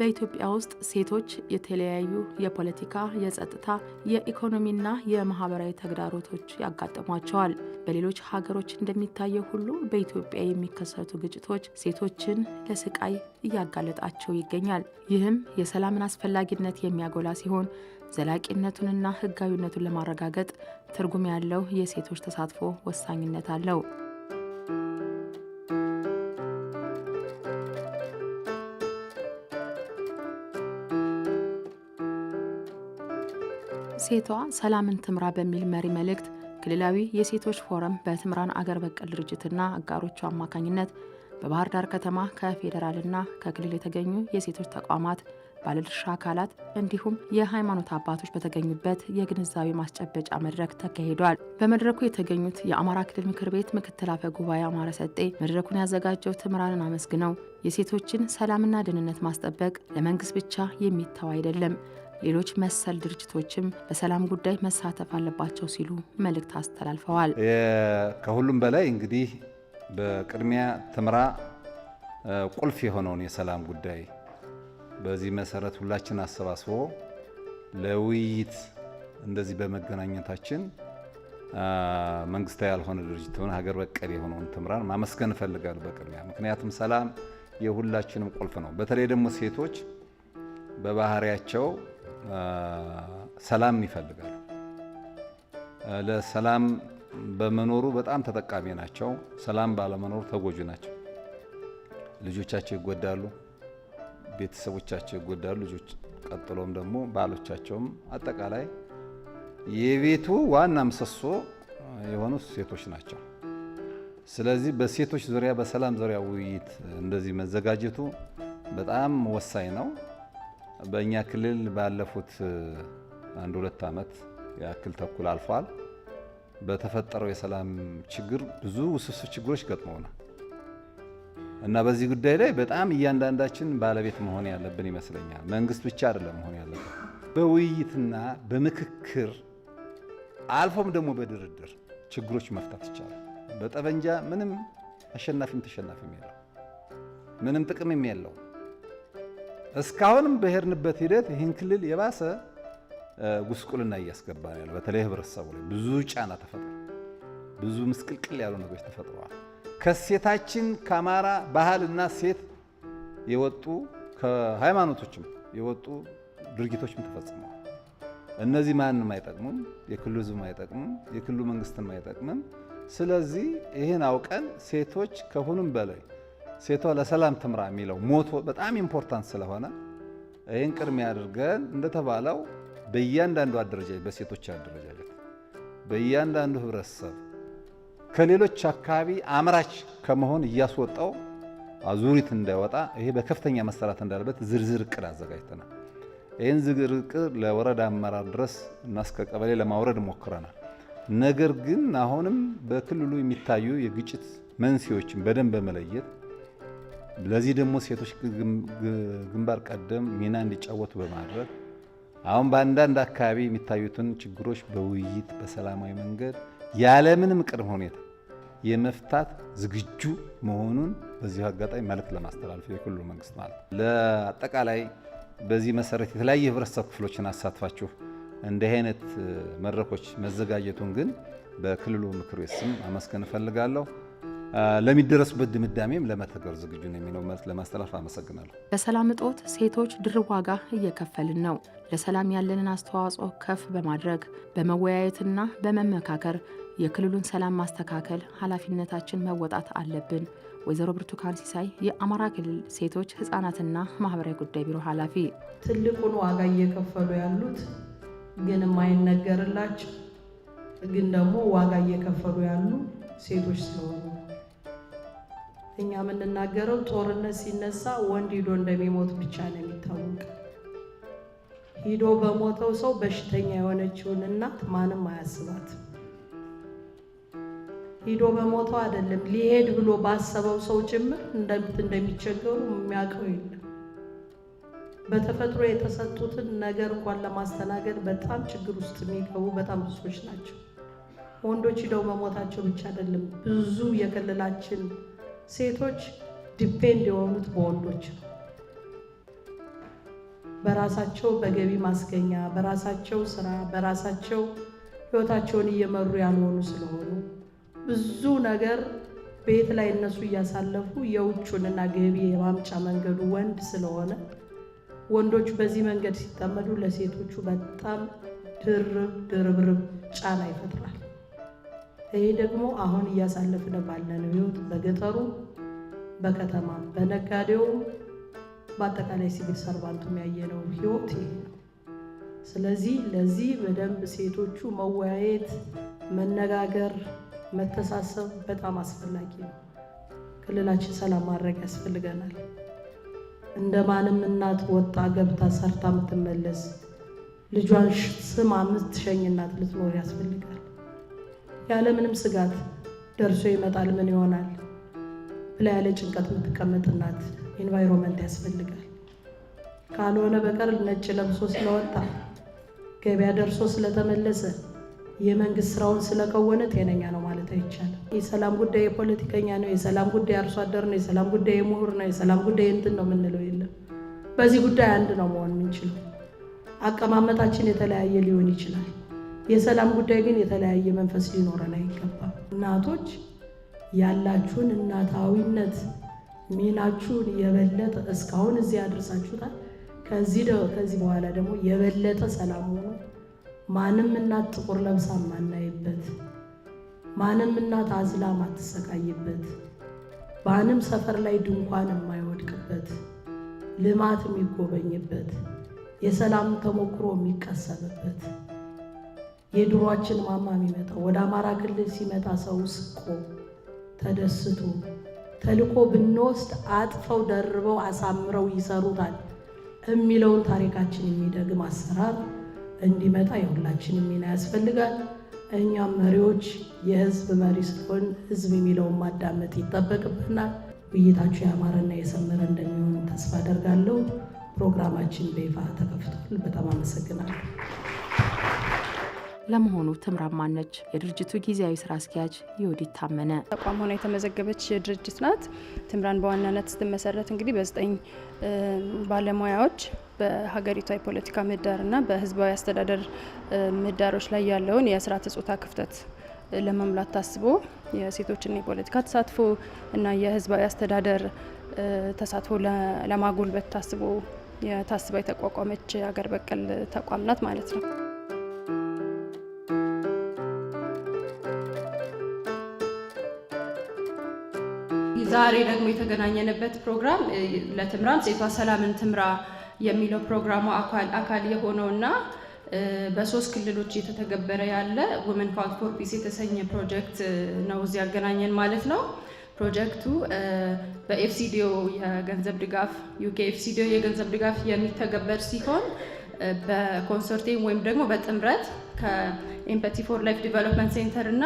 በኢትዮጵያ ውስጥ ሴቶች የተለያዩ የፖለቲካ፣ የጸጥታ፣ የኢኮኖሚና የማህበራዊ ተግዳሮቶች ያጋጥሟቸዋል። በሌሎች ሀገሮች እንደሚታየው ሁሉ በኢትዮጵያ የሚከሰቱ ግጭቶች ሴቶችን ለስቃይ እያጋለጣቸው ይገኛል። ይህም የሰላምን አስፈላጊነት የሚያጎላ ሲሆን ዘላቂነቱንና ሕጋዊነቱን ለማረጋገጥ ትርጉም ያለው የሴቶች ተሳትፎ ወሳኝነት አለው። ሴቷ ሰላምን ትምራ በሚል መሪ መልእክት ክልላዊ የሴቶች ፎረም በትምራን አገር በቀል ድርጅትና አጋሮቹ አማካኝነት በባህር ዳር ከተማ ከፌዴራልና ከክልል የተገኙ የሴቶች ተቋማት ባለድርሻ አካላት እንዲሁም የሃይማኖት አባቶች በተገኙበት የግንዛቤ ማስጨበጫ መድረክ ተካሂዷል። በመድረኩ የተገኙት የአማራ ክልል ምክር ቤት ምክትል አፈ ጉባኤ አማረ ሰጤ መድረኩን ያዘጋጀው ትምራንን አመስግነው የሴቶችን ሰላምና ደህንነት ማስጠበቅ ለመንግስት ብቻ የሚተው አይደለም፣ ሌሎች መሰል ድርጅቶችም በሰላም ጉዳይ መሳተፍ አለባቸው ሲሉ መልእክት አስተላልፈዋል። ከሁሉም በላይ እንግዲህ በቅድሚያ ትምራ ቁልፍ የሆነውን የሰላም ጉዳይ በዚህ መሰረት ሁላችን አሰባስቦ ለውይይት እንደዚህ በመገናኘታችን መንግስታዊ ያልሆነ ድርጅት ሀገር በቀል የሆነውን ትምራን ማመስገን እፈልጋለሁ በቅድሚያ ምክንያቱም ሰላም የሁላችንም ቁልፍ ነው። በተለይ ደግሞ ሴቶች በባህሪያቸው ሰላም ይፈልጋል። ለሰላም በመኖሩ በጣም ተጠቃሚ ናቸው። ሰላም ባለመኖሩ ተጎጂ ናቸው። ልጆቻቸው ይጎዳሉ፣ ቤተሰቦቻቸው ይጎዳሉ። ልጆች ቀጥሎም ደግሞ ባሎቻቸውም፣ አጠቃላይ የቤቱ ዋና ምሰሶ የሆኑ ሴቶች ናቸው። ስለዚህ በሴቶች ዙሪያ በሰላም ዙሪያ ውይይት እንደዚህ መዘጋጀቱ በጣም ወሳኝ ነው። በእኛ ክልል ባለፉት አንድ ሁለት ዓመት ያክል ተኩል አልፏል በተፈጠረው የሰላም ችግር ብዙ ውስብስብ ችግሮች ገጥመውናል እና በዚህ ጉዳይ ላይ በጣም እያንዳንዳችን ባለቤት መሆን ያለብን ይመስለኛል። መንግስት ብቻ አይደለም መሆን ያለብን፣ በውይይትና በምክክር አልፎም ደግሞ በድርድር ችግሮች መፍታት ይቻላል። በጠመንጃ ምንም አሸናፊም ተሸናፊም የለው፣ ምንም ጥቅምም የለው። እስካሁንም በሄድንበት ሂደት ይህን ክልል የባሰ ጉስቁልና እያስገባ ነው በተለይ ህብረተሰቡ ላይ ብዙ ጫና ተፈጥሯል። ብዙ ምስቅልቅል ያሉ ነገሮች ተፈጥረዋል። ከሴታችን ከአማራ ባህልና ሴት የወጡ ከሃይማኖቶችም የወጡ ድርጊቶችም ተፈጽመዋል። እነዚህ ማንም አይጠቅሙም፣ የክልሉ ህዝብም አይጠቅምም፣ የክልሉ መንግስትም አይጠቅምም። ስለዚህ ይህን አውቀን ሴቶች ከሁሉም በላይ ሴቷ ለሰላም ትምራ የሚለው ሞቶ በጣም ኢምፖርታንት ስለሆነ ይህን ቅድሚያ አድርገን እንደተባለው በእያንዳንዱ አደረጃጀት በሴቶች አደረጃጀት በእያንዳንዱ ህብረተሰብ ከሌሎች አካባቢ አምራች ከመሆን እያስወጣው አዙሪት እንዳይወጣ ይሄ በከፍተኛ መሰራት እንዳለበት ዝርዝር እቅድ አዘጋጅተናል። ይህን ዝርዝር እቅድ ለወረዳ አመራር ድረስ እና እስከ ቀበሌ ለማውረድ ሞክረናል። ነገር ግን አሁንም በክልሉ የሚታዩ የግጭት መንስኤዎችን በደንብ በመለየት ለዚህ ደግሞ ሴቶች ግንባር ቀደም ሚና እንዲጫወቱ በማድረግ አሁን በአንዳንድ አካባቢ የሚታዩትን ችግሮች በውይይት በሰላማዊ መንገድ ያለምንም ቅድመ ሁኔታ የመፍታት ዝግጁ መሆኑን በዚሁ አጋጣሚ መልእክት ለማስተላለፍ የክልሉ መንግስት ማለት ለአጠቃላይ በዚህ መሰረት የተለያዩ የህብረተሰብ ክፍሎችን አሳትፋችሁ እንዲህ አይነት መድረኮች መዘጋጀቱን ግን በክልሉ ምክር ቤት ስም አመስገን እፈልጋለሁ። ለሚደረሱበት ድምዳሜም ለመተግበር ዝግጁ ነው የሚለው መልስ ለማስተላለፍ አመሰግናለሁ። በሰላም እጦት ሴቶች ድር ዋጋ እየከፈልን ነው። ለሰላም ያለንን አስተዋጽኦ ከፍ በማድረግ በመወያየትና በመመካከር የክልሉን ሰላም ማስተካከል ኃላፊነታችን መወጣት አለብን። ወይዘሮ ብርቱካን ሲሳይ የአማራ ክልል ሴቶች ህጻናትና ማህበራዊ ጉዳይ ቢሮ ኃላፊ፣ ትልቁን ዋጋ እየከፈሉ ያሉት ግን የማይነገርላቸው ግን ደግሞ ዋጋ እየከፈሉ ያሉ ሴቶች ስለሆኑ እኛ የምንናገረው ጦርነት ሲነሳ ወንድ ሂዶ እንደሚሞት ብቻ ነው የሚታወቅ። ሂዶ በሞተው ሰው በሽተኛ የሆነችውን እናት ማንም አያስባትም። ሂዶ በሞተው አይደለም ሊሄድ ብሎ ባሰበው ሰው ጭምር እንደምት እንደሚቸገሩ የሚያውቀው የለም። በተፈጥሮ የተሰጡትን ነገር እንኳን ለማስተናገድ በጣም ችግር ውስጥ የሚገቡ በጣም ብዙዎች ናቸው። ወንዶች ሂደው በሞታቸው ብቻ አይደለም ብዙ የክልላችን ሴቶች ዲፔንድ የሆኑት በወንዶች ነው። በራሳቸው በገቢ ማስገኛ፣ በራሳቸው ስራ፣ በራሳቸው ህይወታቸውን እየመሩ ያልሆኑ ስለሆኑ ብዙ ነገር ቤት ላይ እነሱ እያሳለፉ የውጩንና ገቢ የማምጫ መንገዱ ወንድ ስለሆነ ወንዶች በዚህ መንገድ ሲጠመዱ ለሴቶቹ በጣም ድርብ ድርብርብ ጫና ይፈጥራል። ይሄ ደግሞ አሁን እያሳለፍን ባለነው ህይወት በገጠሩ በከተማ በነጋዴው በአጠቃላይ ሲቪል ሰርቫንቱም ያየነው ህይወት ይሄ ነው። ስለዚህ ለዚህ በደንብ ሴቶቹ መወያየት፣ መነጋገር፣ መተሳሰብ በጣም አስፈላጊ ነው። ክልላችን ሰላም ማድረግ ያስፈልገናል። እንደማንም እናት ወጣ ገብታ ሰርታ የምትመለስ ልጇን ስም ሸኝ እናት ልትኖር ያስፈልጋል። ያለምንም ስጋት ደርሶ ይመጣል። ምን ይሆናል ብላ ያለ ጭንቀት የምትቀመጥ እናት ኢንቫይሮንመንት ያስፈልጋል። ካልሆነ በቀር ነጭ ለብሶ ስለወጣ ገበያ ደርሶ ስለተመለሰ የመንግስት ስራውን ስለከወነ ጤነኛ ነው ማለት አይቻልም። የሰላም ጉዳይ የፖለቲከኛ ነው፣ የሰላም ጉዳይ አርሶ አደር ነው፣ የሰላም ጉዳይ የምሁር ነው፣ የሰላም ጉዳይ እንትን ነው የምንለው የለም። በዚህ ጉዳይ አንድ ነው መሆን የምንችለው። አቀማመጣችን የተለያየ ሊሆን ይችላል። የሰላም ጉዳይ ግን የተለያየ መንፈስ ሊኖረን አይገባም። እናቶች ያላችሁን እናታዊነት ሚናችሁን የበለጠ እስካሁን እዚህ ያደርሳችሁታል። ከዚህ በኋላ ደግሞ የበለጠ ሰላም ሆኖ ማንም እናት ጥቁር ለብሳ ማናይበት፣ ማንም እናት አዝላ ማትሰቃይበት፣ ማንም ሰፈር ላይ ድንኳን የማይወድቅበት፣ ልማት የሚጎበኝበት፣ የሰላም ተሞክሮ የሚቀሰምበት የድሯችን ማማ የሚመጣው ወደ አማራ ክልል ሲመጣ ሰው ስቆ ተደስቶ ተልኮ ብንወስድ አጥፈው ደርበው አሳምረው ይሰሩታል የሚለውን ታሪካችን የሚደግም አሰራር እንዲመጣ የሁላችንም ሚና ያስፈልጋል። እኛም መሪዎች የህዝብ መሪ ስለሆን ህዝብ የሚለውን ማዳመጥ ይጠበቅብናል። ውይይታችሁ የአማረና የሰመረ እንደሚሆን ተስፋ አደርጋለሁ። ፕሮግራማችን በይፋ ተከፍቷል። በጣም አመሰግናለሁ። ለመሆኑ ትምራን ማነች የድርጅቱ ጊዜያዊ ስራ አስኪያጅ ይሁዲት ታመነ ተቋም ሆና የተመዘገበች ድርጅት ናት። ትምራን በዋናነት ስትመሰረት እንግዲህ በዘጠኝ ባለሙያዎች በሀገሪቷ የፖለቲካ ምህዳርና በህዝባዊ አስተዳደር ምህዳሮች ላይ ያለውን የስርዓተ ጾታ ክፍተት ለመሙላት ታስቦ የሴቶችን የፖለቲካ ተሳትፎ እና የህዝባዊ አስተዳደር ተሳትፎ ለማጎልበት ታስቦ የታስባ የተቋቋመች ሀገር በቀል ተቋም ናት ማለት ነው። ዛሬ ደግሞ የተገናኘንበት ፕሮግራም ለትምራን ሴቷ ሰላምን ትምራ የሚለው ፕሮግራሙ አካል የሆነው እና በሶስት ክልሎች እየተተገበረ ያለ ውመን ፓወር ፎር ፒስ የተሰኘ ፕሮጀክት ነው። እዚህ ያገናኘን ማለት ነው። ፕሮጀክቱ በኤፍሲዲዮ የገንዘብ ድጋፍ ዩኬ ኤፍሲዲዮ የገንዘብ ድጋፍ የሚተገበር ሲሆን በኮንሶርቲየም ወይም ደግሞ በጥምረት ከኤምፓቲ ፎር ላይፍ ዲቨሎፕመንት ሴንተር እና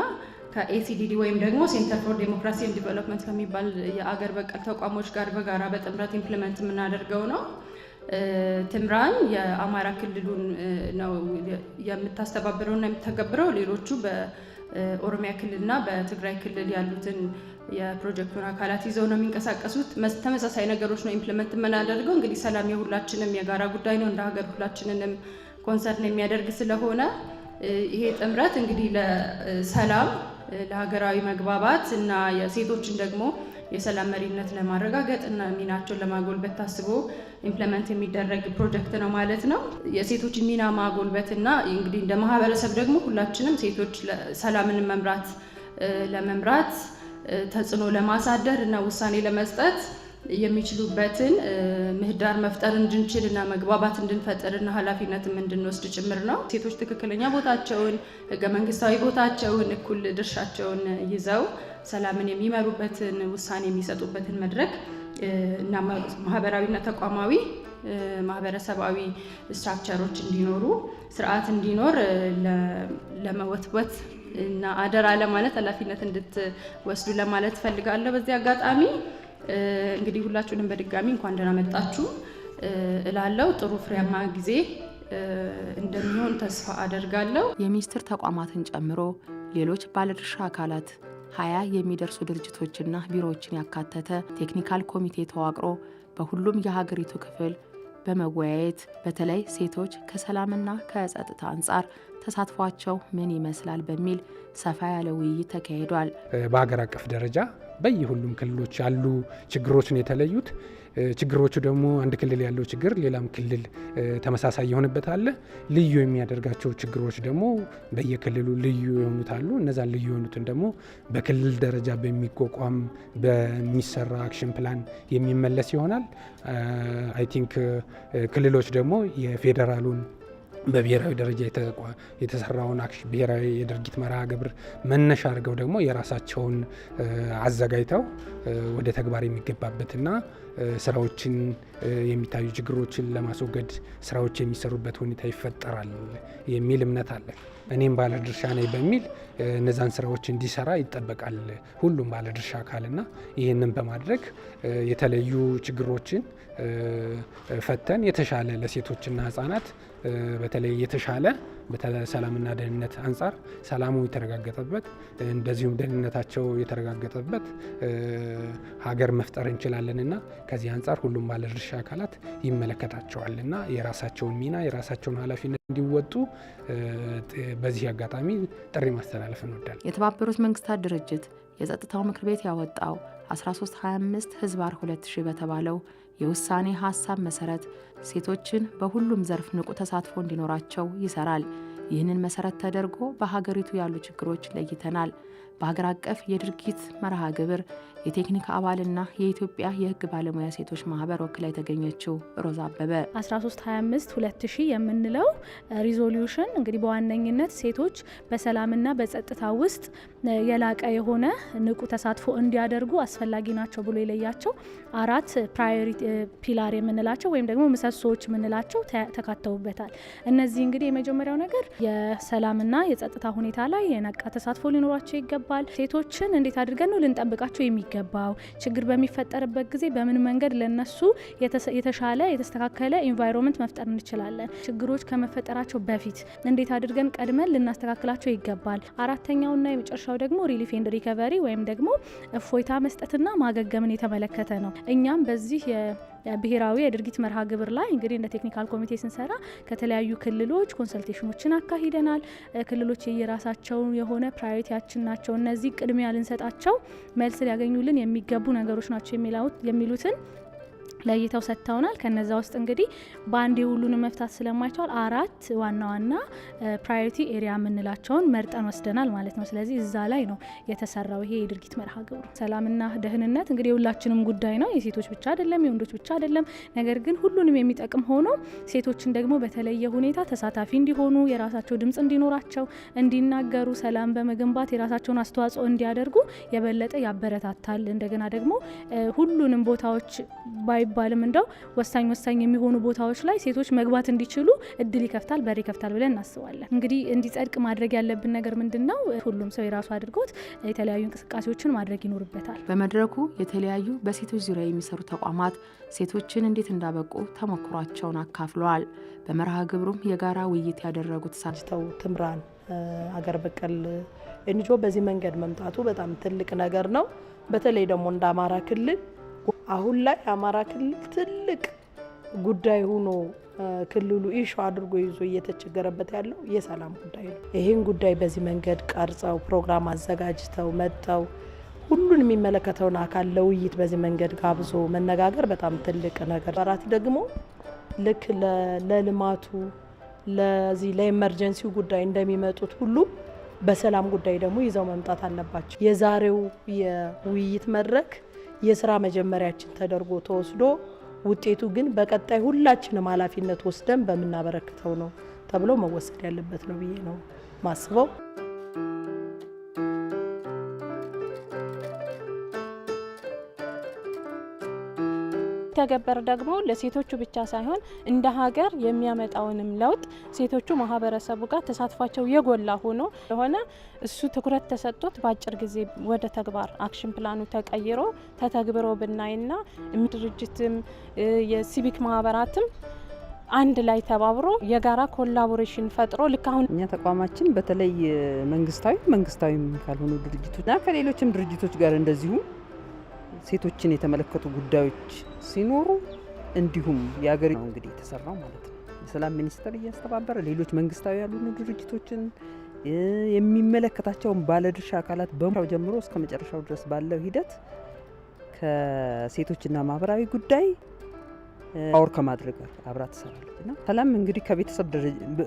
ከኤሲዲዲ ወይም ደግሞ ሴንተር ፎር ዴሞክራሲ ኤንድ ዲቨሎፕመንት ከሚባል የአገር በቀል ተቋሞች ጋር በጋራ በጥምረት ኢምፕሊመንት የምናደርገው ነው። ትምራን የአማራ ክልሉን ነው የምታስተባብረው እና የምታገብረው። ሌሎቹ በኦሮሚያ ክልልና በትግራይ ክልል ያሉትን የፕሮጀክቱን አካላት ይዘው ነው የሚንቀሳቀሱት። ተመሳሳይ ነገሮች ነው ኢምፕሊመንት የምናደርገው። እንግዲህ ሰላም የሁላችንም የጋራ ጉዳይ ነው፣ እንደ ሀገር ሁላችንንም ኮንሰርን የሚያደርግ ስለሆነ ይሄ ጥምረት እንግዲህ ለሰላም ለሀገራዊ መግባባት እና የሴቶችን ደግሞ የሰላም መሪነት ለማረጋገጥ እና ሚናቸውን ለማጎልበት ታስቦ ኢምፕለመንት የሚደረግ ፕሮጀክት ነው ማለት ነው። የሴቶችን ሚና ማጎልበት እና እንግዲህ እንደ ማህበረሰብ ደግሞ ሁላችንም ሴቶች ሰላምን መምራት ለመምራት ተጽዕኖ ለማሳደር እና ውሳኔ ለመስጠት የሚችሉበትን ምህዳር መፍጠር እንድንችል እና መግባባት እንድንፈጥር እና ኃላፊነትም እንድንወስድ ጭምር ነው። ሴቶች ትክክለኛ ቦታቸውን፣ ህገ መንግስታዊ ቦታቸውን፣ እኩል ድርሻቸውን ይዘው ሰላምን የሚመሩበትን ውሳኔ የሚሰጡበትን መድረክ እና ማህበራዊና ተቋማዊ ማህበረሰባዊ ስትራክቸሮች እንዲኖሩ ስርዓት እንዲኖር ለመወትወት እና አደራ ለማለት ኃላፊነት እንድትወስዱ ለማለት ፈልጋለሁ በዚህ አጋጣሚ እንግዲህ ሁላችሁንም በድጋሚ እንኳን ደህና መጣችሁ እላለው። ጥሩ ፍሬያማ ጊዜ እንደሚሆን ተስፋ አደርጋለሁ። የሚኒስቴር ተቋማትን ጨምሮ ሌሎች ባለድርሻ አካላት ሀያ የሚደርሱ ድርጅቶችና ቢሮዎችን ያካተተ ቴክኒካል ኮሚቴ ተዋቅሮ በሁሉም የሀገሪቱ ክፍል በመወያየት በተለይ ሴቶች ከሰላምና ከጸጥታ አንጻር ተሳትፏቸው ምን ይመስላል በሚል ሰፋ ያለ ውይይት ተካሂዷል። በሀገር አቀፍ ደረጃ በየሁሉም ክልሎች ያሉ ችግሮች ነው የተለዩት። ችግሮቹ ደግሞ አንድ ክልል ያለው ችግር ሌላም ክልል ተመሳሳይ የሆንበት አለ። ልዩ የሚያደርጋቸው ችግሮች ደግሞ በየክልሉ ልዩ የሆኑት አሉ። እነዛን ልዩ የሆኑትን ደግሞ በክልል ደረጃ በሚቋቋም በሚሰራ አክሽን ፕላን የሚመለስ ይሆናል። አይ ቲንክ ክልሎች ደግሞ የፌዴራሉን በብሔራዊ ደረጃ የተሰራውን ብሔራዊ የድርጊት መርሃ ግብር መነሻ አድርገው ደግሞ የራሳቸውን አዘጋጅተው ወደ ተግባር የሚገባበትና ስራዎችን የሚታዩ ችግሮችን ለማስወገድ ስራዎች የሚሰሩበት ሁኔታ ይፈጠራል የሚል እምነት አለ። እኔም ባለድርሻ ነኝ በሚል እነዛን ስራዎች እንዲሰራ ይጠበቃል ሁሉም ባለድርሻ አካልና ይህንን በማድረግ የተለዩ ችግሮችን ፈተን የተሻለ ለሴቶችና ህጻናት በተለይ የተሻለ በሰላምና ደህንነት አንጻር ሰላሙ የተረጋገጠበት እንደዚሁም ደህንነታቸው የተረጋገጠበት ሀገር መፍጠር እንችላለንና ከዚህ አንጻር ሁሉም ባለድርሻ አካላት ይመለከታቸዋልና የራሳቸውን ሚና የራሳቸውን ኃላፊነት እንዲወጡ በዚህ አጋጣሚ ጥሪ ማስተላለፍ እንወዳል። የተባበሩት መንግስታት ድርጅት የጸጥታው ምክር ቤት ያወጣው 1325 ህዝባር 2000 በተባለው የውሳኔ ሀሳብ መሰረት ሴቶችን በሁሉም ዘርፍ ንቁ ተሳትፎ እንዲኖራቸው ይሰራል። ይህንን መሰረት ተደርጎ በሀገሪቱ ያሉ ችግሮች ለይተናል። በሀገር አቀፍ የድርጊት መርሃ ግብር የቴክኒክ አባልና የኢትዮጵያ የህግ ባለሙያ ሴቶች ማህበር ወክላ የተገኘችው ሮዛ አበበ 1325 2000 የምንለው ሪዞሉሽን እንግዲህ በዋነኝነት ሴቶች በሰላምና በጸጥታ ውስጥ የላቀ የሆነ ንቁ ተሳትፎ እንዲያደርጉ አስፈላጊ ናቸው ብሎ የለያቸው አራት ፕራዮሪቲ ፒላር የምንላቸው ወይም ደግሞ ምሰሶዎች የምንላቸው ተካተውበታል። እነዚህ እንግዲህ የመጀመሪያው ነገር የሰላምና የጸጥታ ሁኔታ ላይ የነቃ ተሳትፎ ሊኖራቸው ይገባል። ይገባል። ሴቶችን እንዴት አድርገን ነው ልንጠብቃቸው የሚገባው? ችግር በሚፈጠርበት ጊዜ በምን መንገድ ለነሱ የተሻለ የተስተካከለ ኢንቫይሮንመንት መፍጠር እንችላለን? ችግሮች ከመፈጠራቸው በፊት እንዴት አድርገን ቀድመን ልናስተካክላቸው ይገባል? አራተኛውና የመጨረሻው ደግሞ ሪሊፍ ኤንድ ሪከቨሪ ወይም ደግሞ እፎይታ መስጠትና ማገገምን የተመለከተ ነው። እኛም በዚህ ብሔራዊ የድርጊት መርሃ ግብር ላይ እንግዲህ እንደ ቴክኒካል ኮሚቴ ስንሰራ ከተለያዩ ክልሎች ኮንሰልቴሽኖችን አካሂደናል። ክልሎች የየራሳቸው የሆነ ፕራዮሪቲያችን ናቸው። እነዚህ ቅድሚያ ልንሰጣቸው መልስ ሊያገኙልን የሚገቡ ነገሮች ናቸው የሚሉትን ለይተው ሰጥተውናል። ከነዛ ውስጥ እንግዲህ በአንድ የሁሉንም መፍታት ስለማይቻል አራት ዋና ዋና ፕራዮሪቲ ኤሪያ የምንላቸውን መርጠን ወስደናል ማለት ነው። ስለዚህ እዛ ላይ ነው የተሰራው ይሄ የድርጊት መርሃ ግብሩ። ሰላምና ደህንነት እንግዲህ የሁላችንም ጉዳይ ነው። የሴቶች ብቻ አይደለም፣ የወንዶች ብቻ አይደለም። ነገር ግን ሁሉንም የሚጠቅም ሆኖ ሴቶችን ደግሞ በተለየ ሁኔታ ተሳታፊ እንዲሆኑ የራሳቸው ድምጽ እንዲኖራቸው እንዲናገሩ፣ ሰላም በመገንባት የራሳቸውን አስተዋጽኦ እንዲያደርጉ የበለጠ ያበረታታል። እንደገና ደግሞ ሁሉንም ቦታዎች ባይ አይባልም። እንደው ወሳኝ ወሳኝ የሚሆኑ ቦታዎች ላይ ሴቶች መግባት እንዲችሉ እድል ይከፍታል፣ በር ይከፍታል ብለን እናስባለን። እንግዲህ እንዲጸድቅ ማድረግ ያለብን ነገር ምንድን ነው? ሁሉም ሰው የራሱ አድርጎት የተለያዩ እንቅስቃሴዎችን ማድረግ ይኖርበታል። በመድረኩ የተለያዩ በሴቶች ዙሪያ የሚሰሩ ተቋማት ሴቶችን እንዴት እንዳበቁ ተሞክሯቸውን አካፍለዋል። በመርሃ ግብሩም የጋራ ውይይት ያደረጉት ሳጅተው ትምራን አገር በቀል ኤንጂኦ በዚህ መንገድ መምጣቱ በጣም ትልቅ ነገር ነው። በተለይ ደግሞ እንደ አማራ ክልል አሁን ላይ አማራ ክልል ትልቅ ጉዳይ ሆኖ ክልሉ ኢሹ አድርጎ ይዞ እየተቸገረበት ያለው የሰላም ጉዳይ ነው። ይህን ጉዳይ በዚህ መንገድ ቀርጸው ፕሮግራም አዘጋጅተው መጥተው ሁሉን የሚመለከተውን አካል ለውይይት በዚህ መንገድ ጋብዞ መነጋገር በጣም ትልቅ ነገር አራት ደግሞ ልክ ለልማቱ ለዚህ ለኤመርጀንሲው ጉዳይ እንደሚመጡት ሁሉ በሰላም ጉዳይ ደግሞ ይዘው መምጣት አለባቸው። የዛሬው የውይይት መድረክ የስራ መጀመሪያችን ተደርጎ ተወስዶ ውጤቱ ግን በቀጣይ ሁላችንም ኃላፊነት ወስደን በምናበረክተው ነው ተብሎ መወሰድ ያለበት ነው ብዬ ነው ማስበው። ሲተገበር ደግሞ ለሴቶቹ ብቻ ሳይሆን እንደ ሀገር የሚያመጣውንም ለውጥ ሴቶቹ ማህበረሰቡ ጋር ተሳትፏቸው የጎላ ሆኖ ለሆነ እሱ ትኩረት ተሰጥቶት በአጭር ጊዜ ወደ ተግባር አክሽን ፕላኑ ተቀይሮ ተተግብሮ ብናይና ድርጅትም የሲቪክ ማህበራትም አንድ ላይ ተባብሮ የጋራ ኮላቦሬሽን ፈጥሮ ልክ አሁን እኛ ተቋማችን በተለይ መንግስታዊ መንግስታዊ ካልሆኑ ድርጅቶች እና ከሌሎችም ድርጅቶች ጋር እንደዚሁ ሴቶችን የተመለከቱ ጉዳዮች ሲኖሩ እንዲሁም የሀገር እንግዲህ የተሰራው ማለት ነው የሰላም ሚኒስቴር እያስተባበረ ሌሎች መንግስታዊ ያልሆኑ ድርጅቶችን የሚመለከታቸውን ባለድርሻ አካላት በሙያው ጀምሮ እስከ መጨረሻው ድረስ ባለው ሂደት ከሴቶችና ማህበራዊ ጉዳይ አወር ከማድረግ አብራ ትሰራለች እና ሰላም እንግዲህ ከቤተሰብ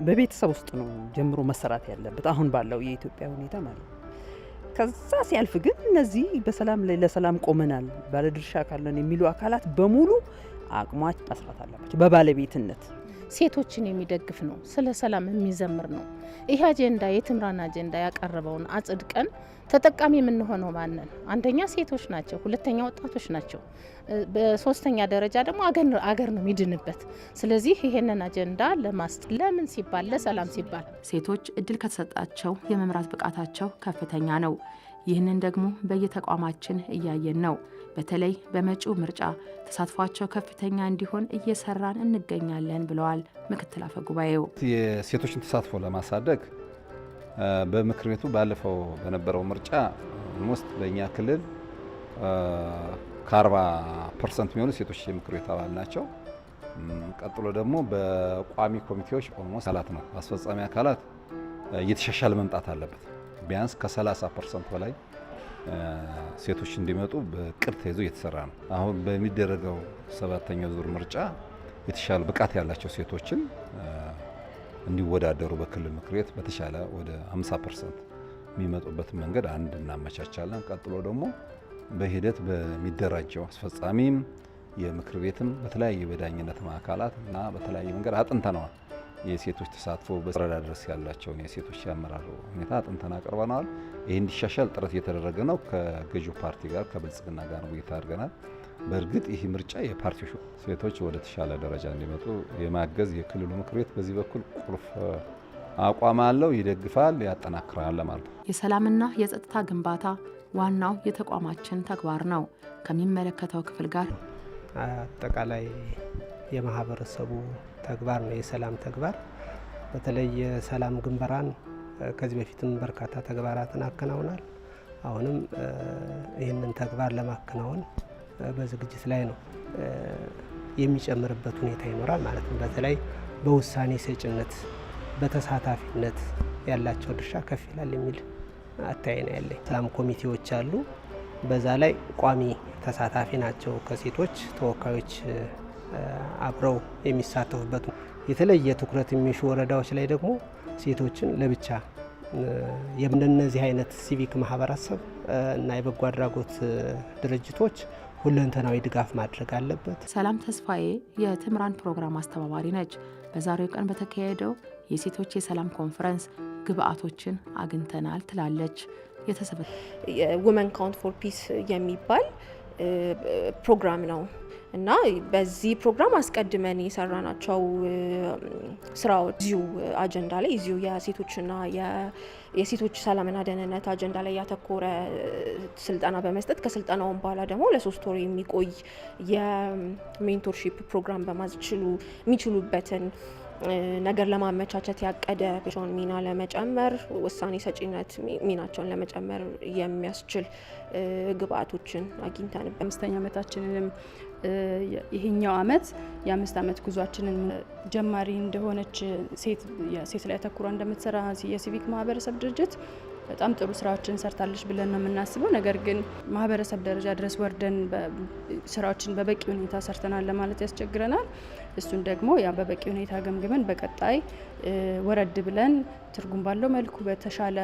በቤተሰብ ውስጥ ነው ጀምሮ መሰራት ያለበት አሁን ባለው የኢትዮጵያ ሁኔታ ማለት ነው። ከዛ ሲያልፍ ግን እነዚህ በሰላም ላይ ለሰላም ቆመናል ባለድርሻ ካለን የሚሉ አካላት በሙሉ አቅሟች መስራት አለባቸው በባለቤትነት ሴቶችን የሚደግፍ ነው፣ ስለ ሰላም የሚዘምር ነው። ይህ አጀንዳ የትምራን አጀንዳ ያቀረበውን አጽድቀን ተጠቃሚ የምንሆነው ማንን? አንደኛ ሴቶች ናቸው፣ ሁለተኛ ወጣቶች ናቸው፣ በሶስተኛ ደረጃ ደግሞ አገር ነው የሚድንበት። ስለዚህ ይሄንን አጀንዳ ለማስጥ ለምን ሲባል ለሰላም ሲባል ሴቶች እድል ከተሰጣቸው የመምራት ብቃታቸው ከፍተኛ ነው። ይህንን ደግሞ በየተቋማችን እያየን ነው። በተለይ በመጪው ምርጫ ተሳትፏቸው ከፍተኛ እንዲሆን እየሰራን እንገኛለን ብለዋል ምክትል አፈ ጉባኤው። የሴቶችን ተሳትፎ ለማሳደግ በምክር ቤቱ ባለፈው በነበረው ምርጫ ውስጥ በእኛ ክልል ከ40 ፐርሰንት የሚሆኑ ሴቶች የምክር ቤት አባል ናቸው። ቀጥሎ ደግሞ በቋሚ ኮሚቴዎች ኦልሞስት አላት ነው በአስፈጻሚ አካላት እየተሻሻለ መምጣት አለበት ቢያንስ ከ30 ፐርሰንት በላይ ሴቶች እንዲመጡ በቅር ተይዞ እየተሰራ ነው። አሁን በሚደረገው ሰባተኛው ዙር ምርጫ የተሻለ ብቃት ያላቸው ሴቶችን እንዲወዳደሩ በክልል ምክር ቤት በተሻለ ወደ 50 ፐርሰንት የሚመጡበት መንገድ አንድ እናመቻቻለን። ቀጥሎ ደግሞ በሂደት በሚደራጀው አስፈጻሚም የምክር ቤትም በተለያዩ በዳኝነት አካላት እና በተለያየ መንገድ አጥንተነዋል። የሴቶች ተሳትፎ በወረዳ ድረስ ያላቸውን የሴቶች የአመራር ሁኔታ አጥንተን አቅርበነዋል። ይህ እንዲሻሻል ጥረት እየተደረገ ነው። ከገዢው ፓርቲ ጋር ከብልጽግና ጋር ውይይት አድርገናል። በእርግጥ ይህ ምርጫ የፓርቲ ሴቶች ወደ ተሻለ ደረጃ እንዲመጡ የማገዝ የክልሉ ምክር ቤት በዚህ በኩል ቁልፍ አቋም አለው። ይደግፋል፣ ያጠናክራል ለማለት ነው። የሰላምና የጸጥታ ግንባታ ዋናው የተቋማችን ተግባር ነው። ከሚመለከተው ክፍል ጋር አጠቃላይ የማህበረሰቡ ተግባር ነው። የሰላም ተግባር በተለይ የሰላም ግንበራን ከዚህ በፊትም በርካታ ተግባራትን አከናውናል። አሁንም ይህንን ተግባር ለማከናወን በዝግጅት ላይ ነው። የሚጨምርበት ሁኔታ ይኖራል ማለት ነው። በተለይ በውሳኔ ሰጭነት፣ በተሳታፊነት ያላቸው ድርሻ ከፍ ይላል የሚል አታይ ነው ያለኝ። ሰላም ኮሚቴዎች አሉ። በዛ ላይ ቋሚ ተሳታፊ ናቸው። ከሴቶች ተወካዮች አብረው የሚሳተፉበት ነው። የተለየ ትኩረት የሚሹ ወረዳዎች ላይ ደግሞ ሴቶችን ለብቻ የምንነዚህ አይነት ሲቪክ ማህበረሰብ እና የበጎ አድራጎት ድርጅቶች ሁለንተናዊ ድጋፍ ማድረግ አለበት። ሰላም ተስፋዬ የትምራን ፕሮግራም አስተባባሪ ነች። በዛሬው ቀን በተካሄደው የሴቶች የሰላም ኮንፈረንስ ግብአቶችን አግኝተናል ትላለች። የተሰበ ውመን ካውንት ፎር ፒስ የሚባል ፕሮግራም ነው። እና በዚህ ፕሮግራም አስቀድመን የሰራናቸው ስራዎች እዚሁ አጀንዳ ላይ እዚሁ የሴቶችና የሴቶች ሰላምና ደህንነት አጀንዳ ላይ ያተኮረ ስልጠና በመስጠት ከስልጠናውን በኋላ ደግሞ ለሶስት ወር የሚቆይ የሜንቶርሺፕ ፕሮግራም በማስችሉ የሚችሉበትን ነገር ለማመቻቸት ያቀደ ቸውን ሚና ለመጨመር ውሳኔ ሰጪነት ሚናቸውን ለመጨመር የሚያስችል ግብአቶችን አግኝተን አምስተኛ ዓመታችንንም ይሄኛው አመት የአምስት አመት ጉዟችንን ጀማሪ እንደሆነች ሴት ላይ ተኩሯ እንደምትሰራ የሲቪክ ማህበረሰብ ድርጅት በጣም ጥሩ ስራዎችን ሰርታለች ብለን ነው የምናስበው። ነገር ግን ማህበረሰብ ደረጃ ድረስ ወርደን ስራዎችን በበቂ ሁኔታ ሰርተናል ለማለት ያስቸግረናል። እሱን ደግሞ ያ በበቂ ሁኔታ ገምግመን በቀጣይ ወረድ ብለን ትርጉም ባለው መልኩ በተሻለ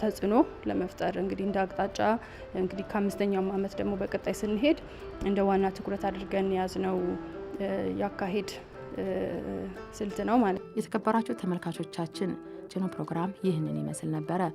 ተጽዕኖ ለመፍጠር እንግዲህ እንደ አቅጣጫ እንግዲህ ከአምስተኛውም ዓመት ደግሞ በቀጣይ ስንሄድ እንደ ዋና ትኩረት አድርገን የያዝነው ያካሄድ ስልት ነው ማለት ነው። የተከበራችሁ ተመልካቾቻችን ጀኖ ፕሮግራም ይህንን ይመስል ነበረ።